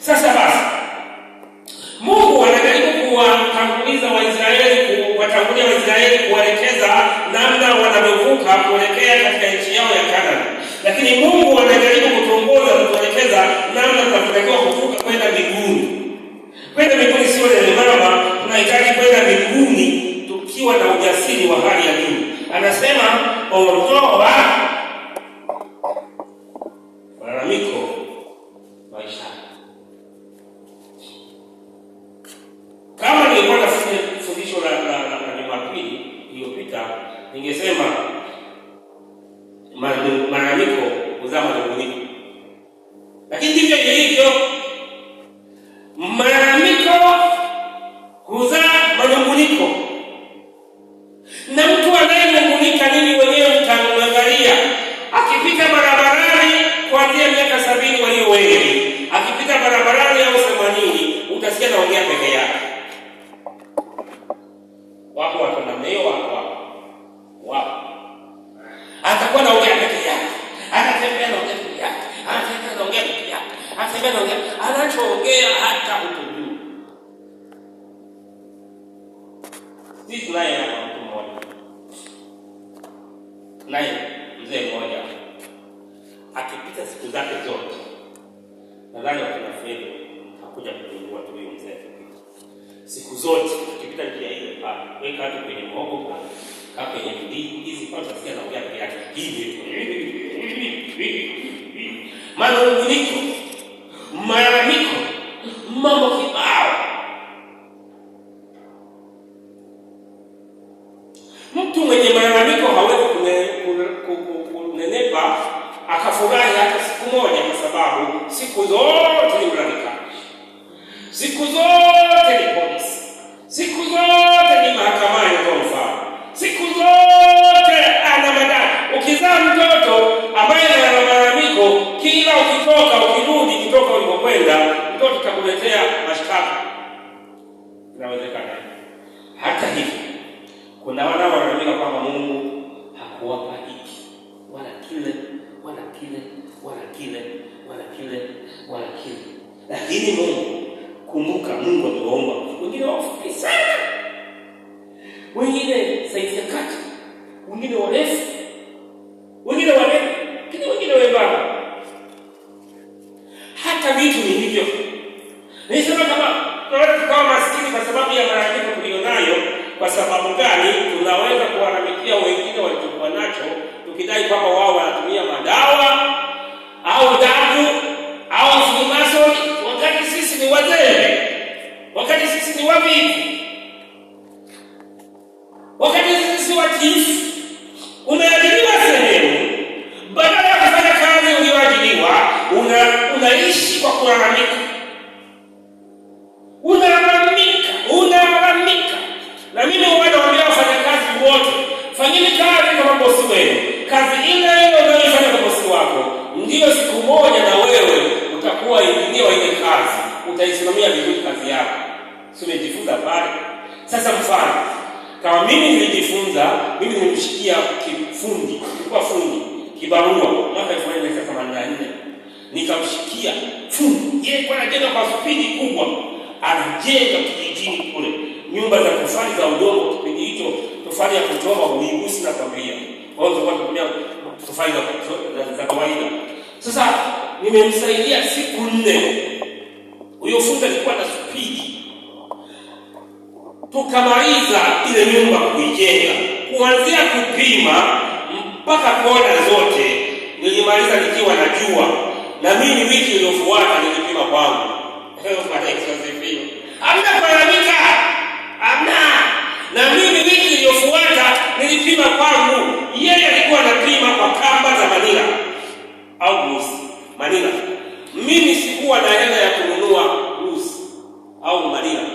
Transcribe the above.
Sasa basi, Mungu anajaribu kuwatanguliza Waisraeli, kuwatangulia Waisraeli, kuwaelekeza namna wanavyovuka kuelekea katika nchi yao ya Kanani, lakini Mungu anajaribu kutuongoza, kutuelekeza namna tunatakiwa kuvuka kwenda mbinguni. Kwenda mbinguni sio lelemama, tunahitaji kwenda mbinguni tukiwa na ujasiri wa hali ya juu. Anasema ondoa Ningesema malalamiko huzaa manunguniko, lakini ndivyo ilivyo. Malalamiko huzaa manunguniko, na mtu anayenungunika nini, wenyewe mtamwangalia akipita barabarani kuanzia miaka sabini walio wengi, akipita barabarani au themanini, utasikia naongea peke yake. Wapo watu namna hiyo. maneno gani anachoongea hata hutujui. Si tunaye hapa mtu mmoja, naye mzee mmoja akipita siku zake zote, nadhani wakina fedha hakuja kugundua tu huyo mzee siku zote akipita njia hiyo pale, weka watu kwenye mhogo pale, kaa kwenye hizi pale, utasikia anaongea peke yake hivi, maana huyu mwiliko mtu mwenye malalamiko hawezi kunenepa akafurahi hata siku moja, kwa sababu siku zote ni mlalamikaji, siku zote ni polisi, siku zote ni mahakamani, kwa mfano, siku zote ana madai. Ukizaa mtoto ambaye ana malalamiko, kila ukitoka ukirudi kutoka ulipokwenda, mtoto takuletea mashtaka. Inawezekana hata hivyo kuna wana wanaamini kwamba Mungu hakuwapa hiki wala kile wala kile wala kile wala kile wala kile, lakini Mungu, kumbuka, Mungu atuomba. wengine wafupi sana, wengine saizi ya kati, wengine warefu, wengine wanene, lakini wengine wembamba. Hata vitu ni hivyo. Nisema kama tunaweza tukawa maskini kwa sababu ya kwa sababu gani? Tunaweza kuwaramikia wengine walichokuwa nacho, tukidai kwamba wao wanatumia madawa au damu au sumasoni, wakati sisi ni wazee, wakati sisi ni wavivu. hiyo siku moja na wewe utakuwa injinia wa ile kazi, utaisimamia vizuri kazi yako. Si umejifunza pale? Sasa mfano kama mimi nilijifunza, mimi nilimshikia kifundi, nilikuwa fundi kibarua mwaka elfu moja mia tisa na nne nikamshikia fundi, yeye kwa anajenga kwa spidi kubwa, anajenga kijijini kule nyumba za tofali za udongo. Kipindi hicho tofali ya kuchoma uigusi na familia, kwa hiyo tulikuwa tofali za kawaida sasa nimemsaidia siku nne, huyo fundi alikuwa na spidi, tukamaliza ile nyumba kuijenga, kuanzia kupima mpaka kona zote nilimaliza nikiwa najua, na mimi wiki iliyofuata nilipima kwangu. amna kulalamika, amna Na mimi wiki iliyofuata nilipima kwangu, yeye alikuwa anapima kwa kamba za Manila. Manila. Mimi sikuwa na hela ya kununua uzi au Manila